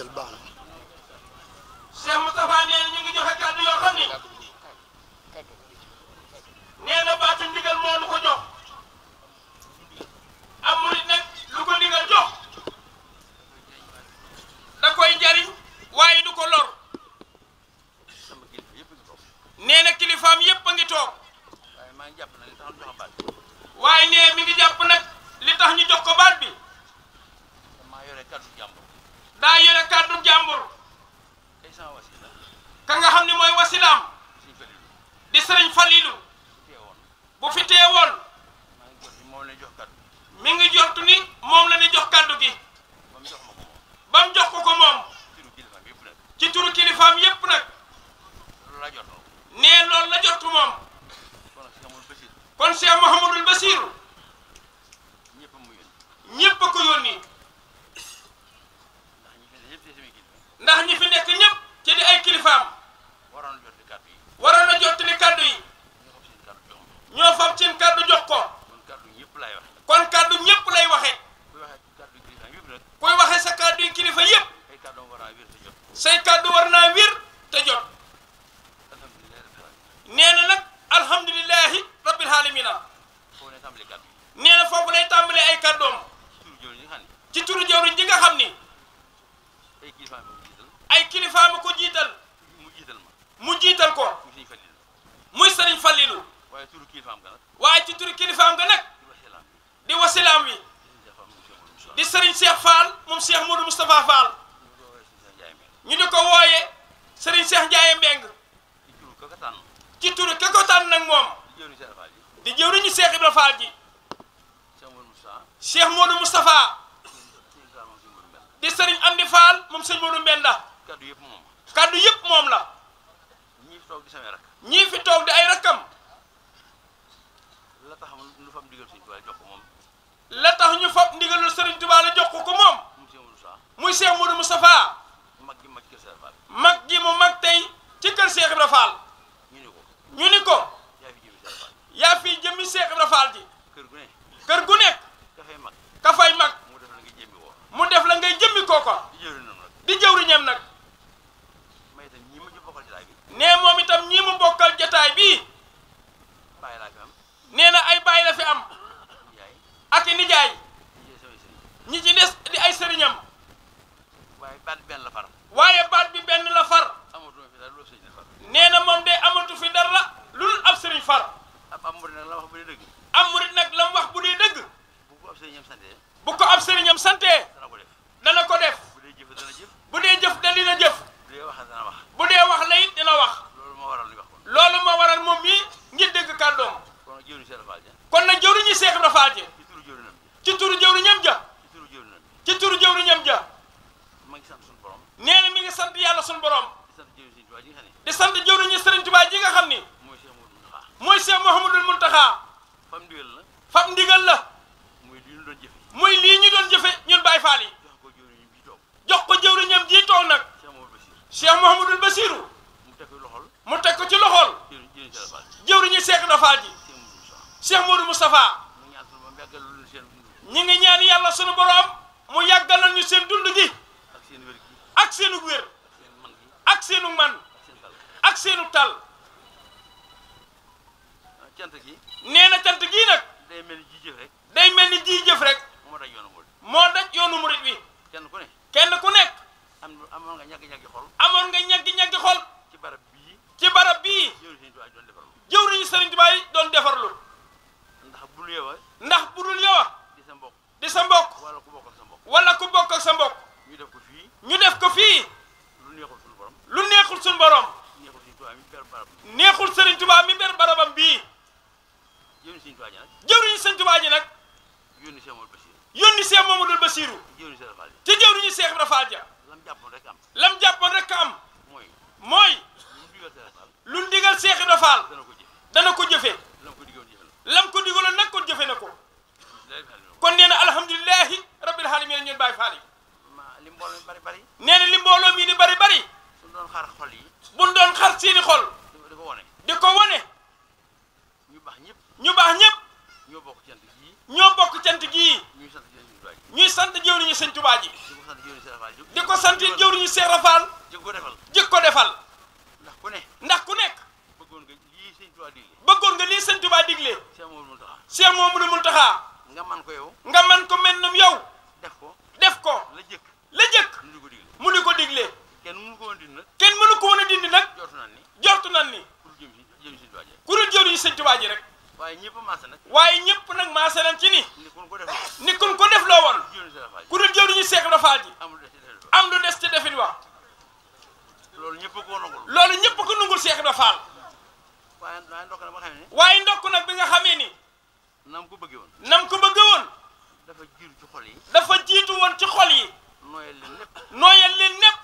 jël baax na. Cheikh Moustapha nee na ñu ngi joxe kàddu yoo xam ni nee na baatu ndigal moo nu ko jox. wootee say kàddu war naa wér te jot nee na nag alhamdulilahi rabbil aalamiina nee na foofu lay tàmbalee ay kàddoom ci turu jawriñ ji nga xam ni ay kilifaama ko jiital mu jiital ko muy sëriñ Fallilu waaye ci turu kilifaam ga nag di wasilaam wi di sëriñ Cheikh Fall moom Cheikh Modou Moustapha Fall ñu di ko wooyee Serigne Cheikh Ndiaye Mbeng ci turu ko tànn moom di jëwriñu Cheikh Ibra Fall ji Cheikh Modou Moustapha di Serigne Amdi Fall moom Serigne Modou Mbenda kaddu yëpp moom kaddu yëpp moom la ñii fi toog di ay rakkam la tax ñu fab ndigal Serigne Touba la jox ko moom la tax ñu fab ndigalul la jox ko ko moom mag gi mu mag tey ci kër Cheikh Ibra ñu ni ko yaa fi jëmmi Cheikh Ibra Fall ji kër gu nekk ka fay mag mu def la ngay jëmmi kooko di jëwriñam nag nee moom itam ñii mu bokkal jataay bii nee na ay bàyyi la fi am ak i nijaay ñi ci des di ay sëriñam waaye waaye baat bi benn la far. nee na moom de amatu fi dara lu dul ab sëriñ far. am murit nag la wax bu dëgg. am nag la wax bu dee dëgg. bu ko ab sëriñam santee. bu ko ab sëriñam santee. dana ko def bu dee jëf dana jëf. bu dee jëf da dina jëf. bu dee wax dana wax. wax la it loolu moo waral li wax ko. loolu moo waral moom mii ngir kon na jëwriñu Seex Ibra Faal ja. kon nag jëwriñu Seex Ibra Faal ja. ci turu jëwriñam ja. ci turu jëwriñam ja. ja. nee na mi ngi sant yàlla suñu borom. di sant jëw nañu Serigne ji nga xam ni. mooy Cheikh Mouhamadul Mountakha. fam ndigal la. fam la. muy lii ñu doon jëfe. muy lii ñun Baye Fall jox ko jëwriñam ji toog nag. Cheikh Mouhamadul Bassirou. mu teg ko ci loxol. mu teg ko ci loxol. jëwriñu Cheikh Dafa ji. Cheikh Modou Moustapha. ñu ngi ñaan yàlla sunu borom mu yàggalal ñu seen dund gi. ak seenu wér ak seenu man ak seenu tal ah, nee na cant gii nag day mel ni ji jëf rek day mel ni ji jëf rek moo daj yoonu murit moo daj yoonu murit kenn ku ne kenn ku nekk amoon nga ñàgg-ñàggi xol amoon nga ñàgg-ñàggi xol ci barab bii ci barab bii jëwriñu Sëriñ Tuubaa yi doon defarlu ndax budul yow ndax budul yow di sa mbokk di sa mbokk wala ku bokk ak sa mbokk wala ku bokk sa mbokk ñu def ko fii. ñu def ko fii. lu neexul suñu borom. lu neexul suñu borom. neexul Serigne Touba mi ber barabam. neexul Serigne Touba mi ber barabam bii. jëwriñu Serigne Touba ji nag. jëwriñu Serigne Touba ji nag. yónni Cheikh Mamadou Bassirou. yónni Cheikh Mamadou Bassirou. ja. lam jàppoon rek am. lam jàppoon rek am. mooy. mooy. lu ndigal Cheikh Ibra Fall. dana ko jëfee. lam ko digaloon nag kon jëfe na ko. kon nee na alhamdulilahi rabbil alamin ñun bàyyi faal li mbooloo mi bari bari. nee na li mbooloo bari bari. buñ doon xar xol yi. buñ doon xar seeni xol. di ko wane. ko wane. ñu baax ñëpp. ñu baax ñëpp. ñoo bokk cant gii. ñoo bokk cant gii. ñuy sant jëwriñu sëñ Tuubaa ji. di ko sant jëwriñu Seex Rafaal. jëkk ko defal. jëkk defal. ndax ku ne. ndax ku nekk. bëggoon nga lii sëñ Tuubaa digle. bëggoon nga lii sëñ Tuubaa digle. Seex Mamadu Muntaxaa. Seex Mamadu nga man ko yow. nam ko bëggee woon. nam ko bëggee woon. dafa jiitu ci xol yi. dafa jiitu woon ci xol yi. nooyal leen népp. nooyal leen népp.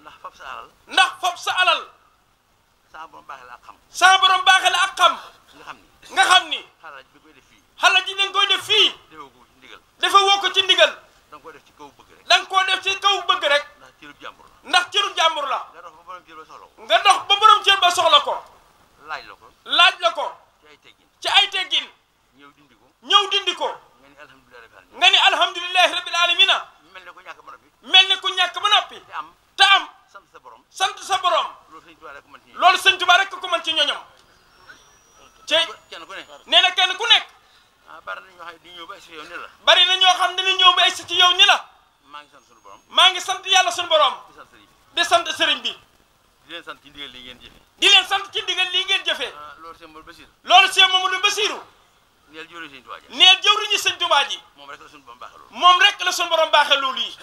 ndax fab sa alal. ndax fab sa alal. saa borom baaxee xam. saa borom baaxee la ak xam. nga xam ni. nga xam ni. xalaat bi koy def fii. xalaat ji dañ koy def fii. defoo ko ci ndigal. defoo ko ci ndigal. da koo def ci kaw bëgg rek. da nga koo def ci kaw bëgg rek. ndax cëru jàmbur la. ndax cëru jàmbur la. nga dox ba borom cër ba soxla ba borom ko. laaj la ko. laaj la ko. ci ay ci ay teggin. ñëw dindi ko. ñëw dindi ko. nga ni alhamdulilahi rabbil alamina. mel ne ku ñàkk ba noppi. mel ne ku ñàkk ba noppi. te am te am. sant sa borom sant sa borom. loolu sëñ Tuubaa rek ko mën ci ñoñam. te nee na kenn ku nekk. Ah, bari na ñoo xam ba ni na ñoo xam ne ba egsi ci yow ni la. maa ngi sant sunu borom. maa ngi sant yàlla sunu borom. di sant sëriñ bi. di leen sant ci ndigal lii ngeen jëfee. di leen sant ci ndigal neel jëwriñu sëñ Tuubaa ji neel jëwriñu sëñ Tuubaa ji moom rek la suñu borom baaxee loolu moom rek la suñu borom baaxee loolu yi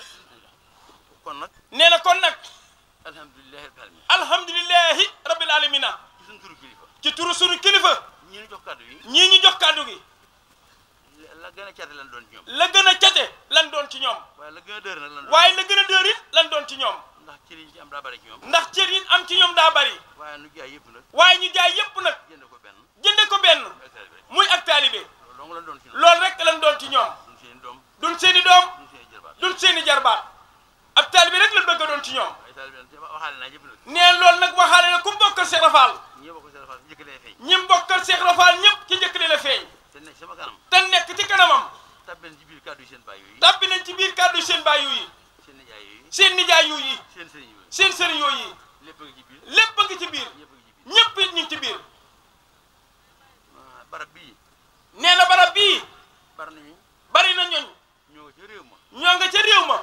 kon nag nee na kon nag alhamdulilahi rabbil alamina ci suñu turu kilifa ci turu suñu kilifa ñii ñu jox kàddu gi ñii ñu jox kàddu gi la gën a cate lan doon ci la gën a cate lan doon ci ñoom waaye la gën a dër nag lan la gën a dër doon ci ñoom ndax cër yi am daa bari ndax cër yi am ci ñoom daa bari waaye ñu jaay yëpp nag ñu jaay yëpp nag jënd ko benn jënde ko benn muy ak taalibe loolu rek lañ doon ci ñoom duñ seen doom duñ seen jarbaat ab taalibe rek lañ doon ci ñoom nee loolu nag waxaale na ku bokkal Cheikh Rafaal ñi bokkal Cheikh Rafaal ñëpp ci njëkk di la feeñ te nekk ci kanamam tàbbi nañ ci biir kàddu seen baay yooyu tàbbi ci biir kàddu seen baay yooyu seen nijaay yooyu seen sëriñ yooyu lépp a ngi ci biir. bari nañu. bari na ñooñu. ñoo nga ca réew ma. ñoo nga ca réew ma.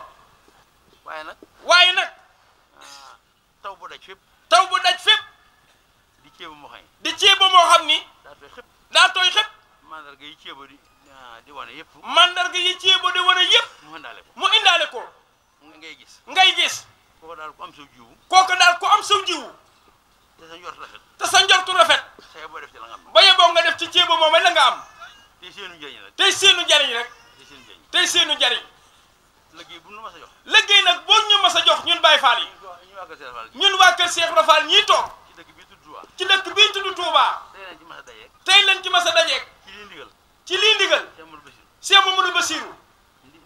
waaye nag. waaye nag. Ah, taw bu daj fépp. taw bu daj fépp. di ceeba moo xam ni. di ceeba moo xam ni. daa tooy xëpp. daa tooy xëpp. mandarga yi ceeba di ah, di wane yëpp. mandarga yi ceeba di wane yëpp. mu indaale ko mu indaale ko. ngay gis. ngay gis. kooku daal ku am saw jiwu. daal ku am saw jiwu. te sa njortu rafet. te sa njortu rafet. ba yeboo nga def ci ceeba moom la nga am. tey seenu njariñ rek tey seenu njariñ rek tey seenu njariñ bu ñu mas a jox nag boo ñu mas a jox ñun Baye Fall yi ñun waa kër Cheikh Ibra Fall ñii toog ci dëkk bii tudd Touba tey lañ ci mas a dajeek ci lii ndigal ci lii ndigal Cheikh Mamadou Bassirou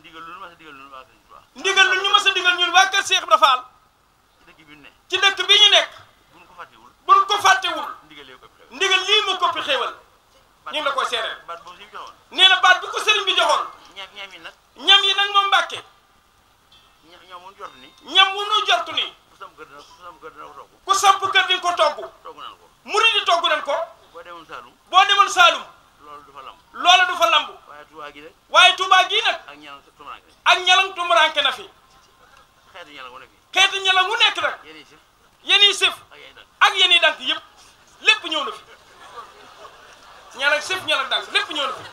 ndigal lu ñu mas a digal ñun ñu mas a digal ñun waa kër Cheikh ci dëkk bi ñu nekk buñ ko fàttewul ndigal lii mu koppi xéewal ñu ngi la koy seereel nee na baat bi ko sëriñ bi joxoon ñam yi nag ñam yi nag moom mbàkke ñam wu ñu ni ñam wu ñu jortu ni ku samp kër di ko togg murid yi togg nañ ko boo demoon Saalum boo demoon Saalum loolu du fa lamb loolu du fa lamb waaye Touba gi nag waaye Touba gi nag ak ñalam tumuranke na fi xeetu ñalam wu nekk nag yéen yi sëf ak yéen yi dànk yëpp ak sëf ñal ak daal lépp ñëw na fi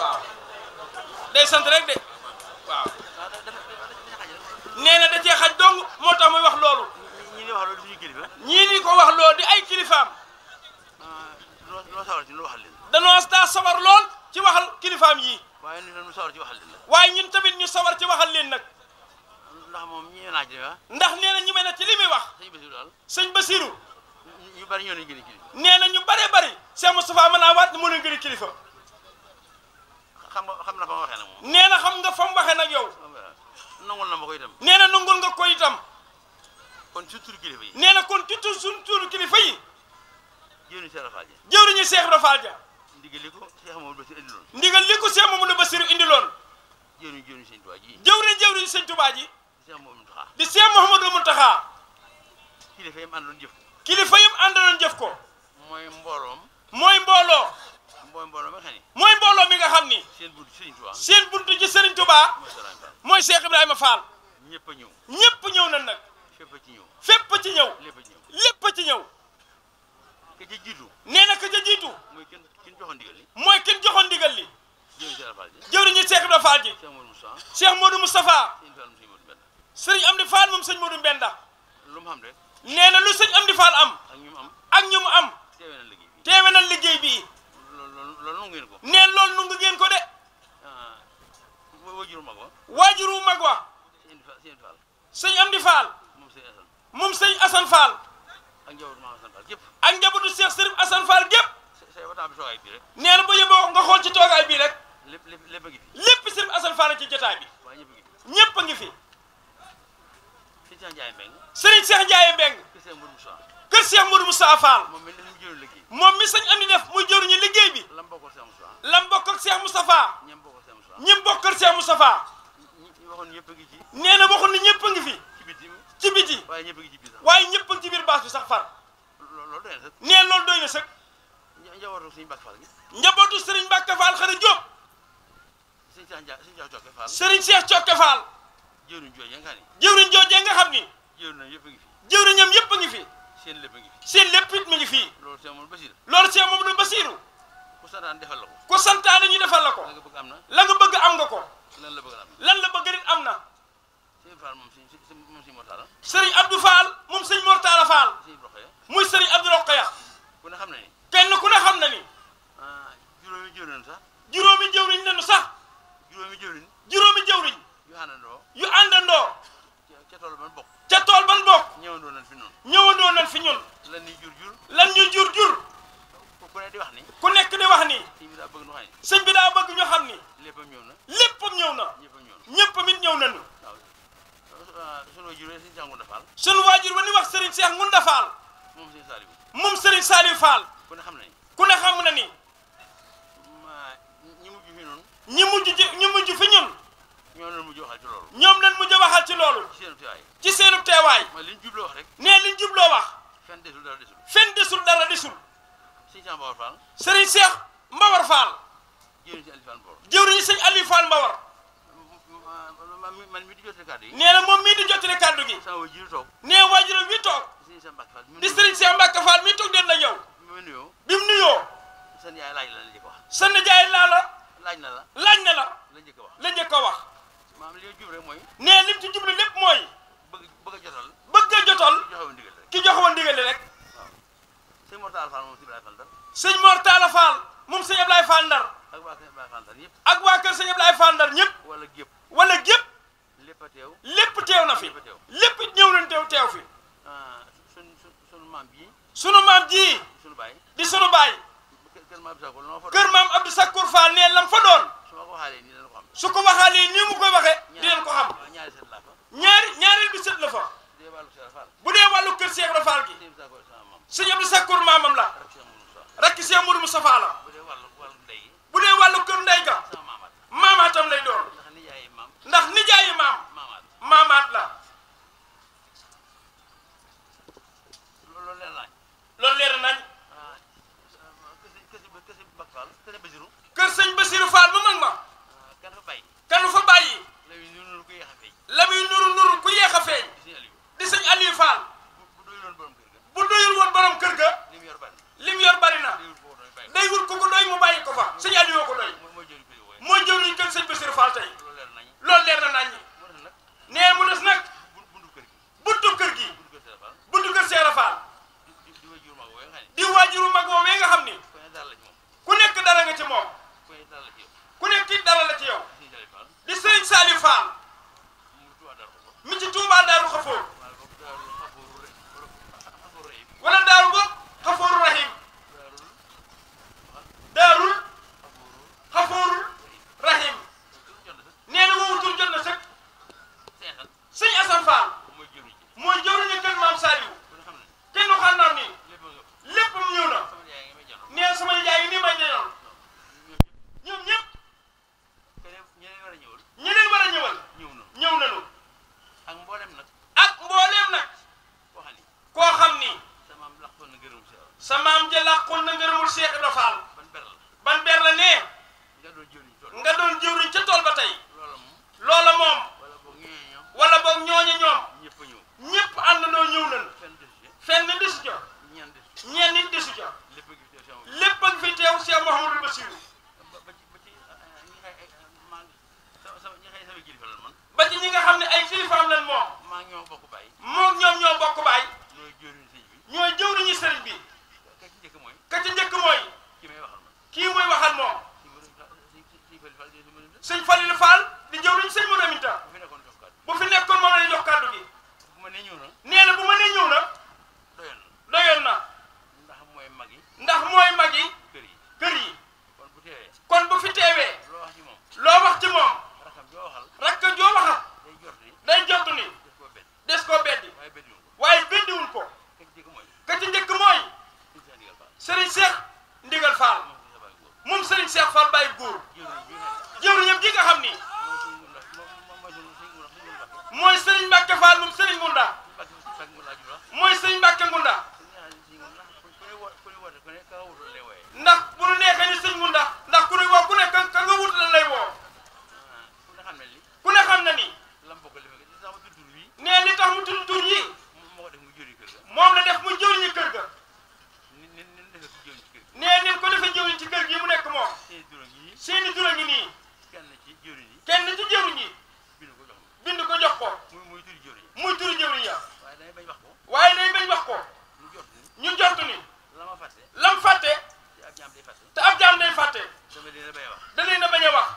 waaw day sant rek de waaw nee na da cee xaj dong moo tax muy wax loolu ñii ni ko wax loolu di ay kilifaam danoo daa sawar lool ci waxal kilifaam yii waaye ñun tamit ñu sawar ci waxal leen nag ndax moom ñi naa ci wax ndax nee na ñi may na ci li muy wax sëñ Basiru ñu bari ñoo leen gën a kilifa nee na ñu bëree bëri Cheikh Moustapha mën naa waat moo leen gën a kilifa xam nga xam na fa mu waxee nee na xam nga fa mu waxee yow nangul na ma ko itam na nangul nga ko itam kon ci turu kilifa yi nee na kon ci suñ turu kilifa yi jëwriñu Cheikh Rafaal ja ja ndigal li ko Cheikh Mamadou Bassir indiloon ndigal li ko Cheikh Mamadou Bassir indiloon jëwriñ jëwriñ sëñ di Cheikh Mouhamadou Mountakha kilifa yi mu àndoon jëf ko kilifa yi mu àndoon jëf ko mooy mbooloom mooy mbooloo mooy mbooloo mi nga xam ni mooy nga xam ni seen buntu ci Serigne Touba seen buntu ci Serigne Touba mooy Cheikh Ibrahima ñëpp a ñëw ñëpp ñëw nan nag fépp ci ñëw fépp ci ñëw lépp ci ñëw ka ca nee na ka ca jiitu mooy kenn kenn joxoon ndigal li mooy kenn joxoon ndigal li jëwriñu Cheikh Ibrahima Fall ji Cheikh Modou Moustapha sëriñ am di faal moom sëñ Modou Mbenda lu mu am de nee na lu sëñ am di faal am ak ñu mu am ak ñu mu am teewe na liggéey bii loolu nungu ngeen ko nee loolu nungu ngeen ko de ah, waajuru mag wa waajuru mag wa sëñ am di faal moom sëñ Assane Fall ak njabootu maam Assane Fall gépp ak njabootu Cheikh Serif Assane Fall gépp nee na ba yóbboo nga xool ci toogaay bii rek lépp lépp a ngi fi lépp Serif Assane Fall ci jotaay bi ñëpp a ngi fi Serigne Cheikh Ndiaye Mbeng Serigne Cheikh Ndiaye Mbeng kër Cheikh Modou Moussa Fall moom mi sañ am di def muy jëruñu liggéey bi lam bokkal Cheikh Moustapha ñim bokkal Cheikh Moustapha nee na waxoon ni ñëpp a ngi fi ci biti waaye ñëpp a ngi ci biir baas bi sax far nee loolu doy na sëg njabootu Serigne Mbacke Fall xëy na Diop Serigne Cheikh Cokke Fall jëwriñ jooje nga xam ni. jëwriñ jooje nga xam ni. jëwriñam yëpp fi. jëwriñam yëpp a ngi fi. seen lépp a ngi fi. seen lépp it mi ngi fi. loolu seen moom Basiiru. loolu seen moom du Basiiru. ku santaane defal la ko. ku santaane ñu defal la ko. la bëgg am na. la nga bëgg am nga ko. lan la bëgg am na. lan la bëgg nit am na. sëriñ Fall moom sëriñ Mortala. sëriñ Abdou Fall moom sëriñ Mortala Fall. muy sëriñ Abdou Rokhaya. ku ne xam na ni. kenn ku ne xam na ni. Ah, juróomi jëwriñ sax. juróomi jëwriñ lañu sax. juróomi jëwriñ. juróomi jëwriñ. yu àndandoo. tool ban bokk. ca tool ban bokk. ñëwandoo nañ fi ñun. ñëwandoo nañ fi ñun. lan ñuy jur jur. lan ñuy ku nekk di wax ni. ku nekk di wax bi daa bëgg ñu xam ni. sëñ bi bëgg ñu xam ni. léppam ñëw na. léppam ñëw na. ñëppam it ñëw nañu. waaw sunu waajur wa sëriñ Cheikh Ngunda Fall. sunu waajur wa ni wax sëriñ Cheikh Ngunda Fall. moom ku ne xam na ni. ku ne xam na ni. seenu teewaay ci seenu teewaay mooy li ñu jubloo wax rek nee li ñu jubloo wax fenn desul dara desul fenn desul dara desul sëriñ Cheikh Mbawar Fall sëriñ Cheikh Mbawar Fall jëwriñu sëñ Aliou Fall Mbawar jëwriñu sëñ Aliou Fall Mbawar man mii di jotale kàddu gi nee na moom mii di jotale kàddu gi sama waajur toog nee waajuram wi toog di sëriñ Cheikh Mbacke Fall mii toog den la yow bi mu nuyoo sën jaay laaj la la njëkk wax sën jaay laa la laaj na la laaj na la la njëkk wax la njëkk wax maanaam li jublu mooy. nee lim ci jublu lépp mooy. bëgg a jotal. bëgg a jotal. ki jox woon ndigal rek. waaw sëñ Mor Talla Fall moom sëñ Ablaye Fall Ndar. sëñ Mor Talla Fall moom sëñ Ablaye Fall Ndar. ak waa kër sëñ Ablaye Fall Ndar ñëpp. ak waa kër sëñ Ndar ñëpp. wala gépp wala gépp. lépp teew. lépp teew na fi. lépp ñëw nañ teew teew fi. Ah, sunu sunu maam bii. sunu maam jii. di sunu baay. kër maam Abdou Sakkour Fall nee lam fa doon su ko waxaalee nii mu koy waxee di leen ko xam ñaari ñaareel bi sët la fa bu dee wàllu kër Cheikh Rafal gi sëñ Abdou Sakkour maamam la rakk Cheikh Mourou Moustapha la ñu njort ni. lam fàtte. lam fàtte. te ab jaam day fàtte. te ab jaam day a bañ a wax.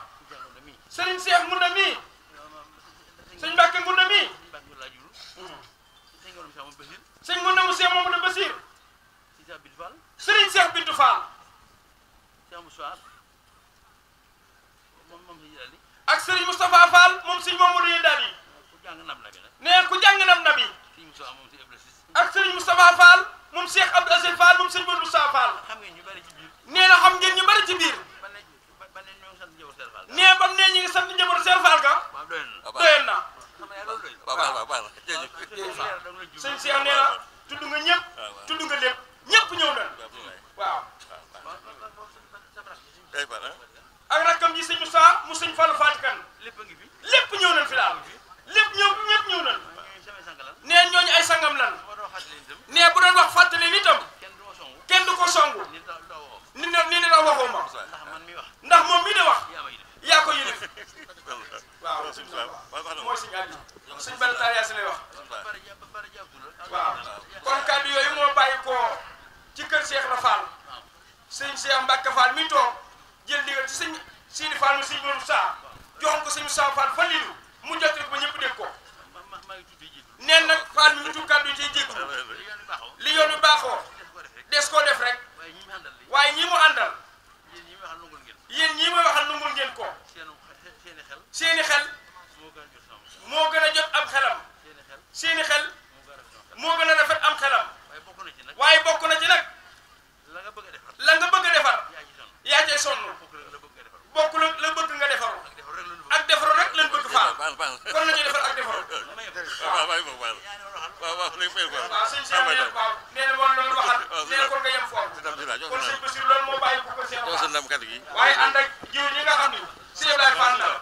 sëriñ Cheikh mun na mii. sëñ Mbacke mun na mii. sëñ mun na mu Cheikh Mamadou Bassir. sëriñ Cheikh Bintou Fall. ak sëriñ Moustapha Fall moom sëñ Mamadou Yendali. nee ku jàng nam nabi. ak sëriñ Moustapha Fall moom Cheikh Abdou Aziz Fall moom sëriñ Modou Moustapha Fall nee na xam ngeen ñu bari ci biir nee bam nee ñu ngi sant njabootu Cheikh Fall ga doyen na sëñ Cheikh nee na tudd nga ñëpp tudd nga lépp ñëpp ñëw na waaw ak rakkam yi sëñ Moussa mu sëñ Fall Fatikan lépp ñëw nañ fi daal ne bu doon wax fàttali nitam kenn du ko songu ni ne ni ne la waxoo ma ndax moom mi di wax yaa ko yëlif waaw mooy suñu àddi suñ benn taal yaa si lay wax waaw kon kàddu yooyu moo bàyyi koo ci kër Cheikh la Fall sëñ Cheikh Mbacke Fall mi toog jël ndigal ci sëñ Sidi Fall mu sëñ Mourou Sarr jox ko sëñ Moussa Fall fa lilu Fall mi ngi tudd kàddu ciy jéggu li yoonu baaxoo des koo def rek waaye ñi mu àndal yéen ñii may waxal nungul ngeen ko seeni xel moo gën a jot am xelam seeni xel moo gën a rafet am xelam waaye bokk na ci nag la nga bëgg a defar yaa cay sonn bokk la la bëgg nga defaru ak defaru rek lañ bëgg faal kon nañu defar ak defaru Ah, ah, waaye ànd ak jiw ñi nga xam ne sëñ Abdoulaye Fall la